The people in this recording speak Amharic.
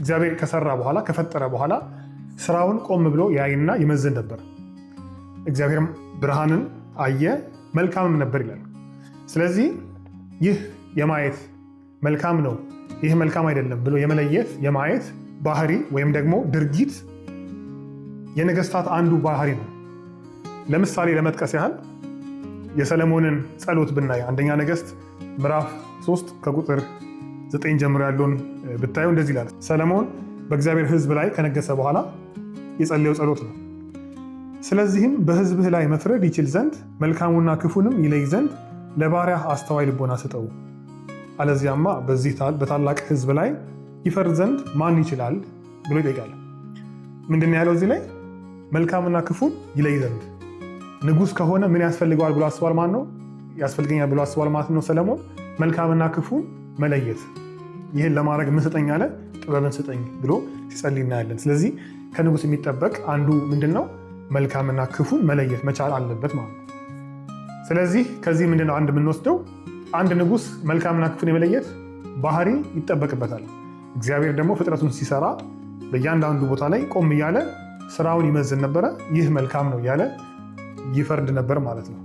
እግዚአብሔር ከሰራ በኋላ ከፈጠረ በኋላ ስራውን ቆም ብሎ ያይና ይመዝን ነበር። እግዚአብሔርም ብርሃንን አየ፣ መልካምም ነበር ይላል። ስለዚህ ይህ የማየት መልካም ነው፣ ይህ መልካም አይደለም ብሎ የመለየት የማየት ባህሪ ወይም ደግሞ ድርጊት የነገስታት አንዱ ባህሪ ነው። ለምሳሌ ለመጥቀስ ያህል የሰለሞንን ጸሎት ብናይ አንደኛ ነገስት ምዕራፍ 3 ከቁጥር ዘጠኝ ጀምሮ ያለውን ብታየው እንደዚህ ይላል። ሰለሞን በእግዚአብሔር ሕዝብ ላይ ከነገሰ በኋላ የጸለየው ጸሎት ነው። ስለዚህም በሕዝብህ ላይ መፍረድ ይችል ዘንድ መልካሙና ክፉንም ይለይ ዘንድ ለባሪያ አስተዋይ ልቦና ስጠው፣ አለዚያማ በዚህ በታላቅ ሕዝብ ላይ ይፈርድ ዘንድ ማን ይችላል ብሎ ይጠይቃል። ምንድን ያለው እዚህ ላይ መልካምና ክፉን ይለይ ዘንድ ንጉስ ከሆነ ምን ያስፈልገዋል ብሎ አስቧል። ማን ነው ያስፈልገኛል ብሎ አስቧል ማለት ነው ሰለሞን መልካምና ክፉን መለየት ይህን ለማድረግ ምን ስጠኝ አለ? ጥበብን ስጠኝ ብሎ ሲጸልይ እናያለን። ስለዚህ ከንጉስ የሚጠበቅ አንዱ ምንድን ነው? መልካምና ክፉ መለየት መቻል አለበት ማለት ነው። ስለዚህ ከዚህ ምንድነው አንድ የምንወስደው አንድ ንጉስ መልካምና ክፉን የመለየት ባህሪ ይጠበቅበታል። እግዚአብሔር ደግሞ ፍጥረቱን ሲሰራ በእያንዳንዱ ቦታ ላይ ቆም እያለ ስራውን ይመዝን ነበረ። ይህ መልካም ነው እያለ ይፈርድ ነበር ማለት ነው።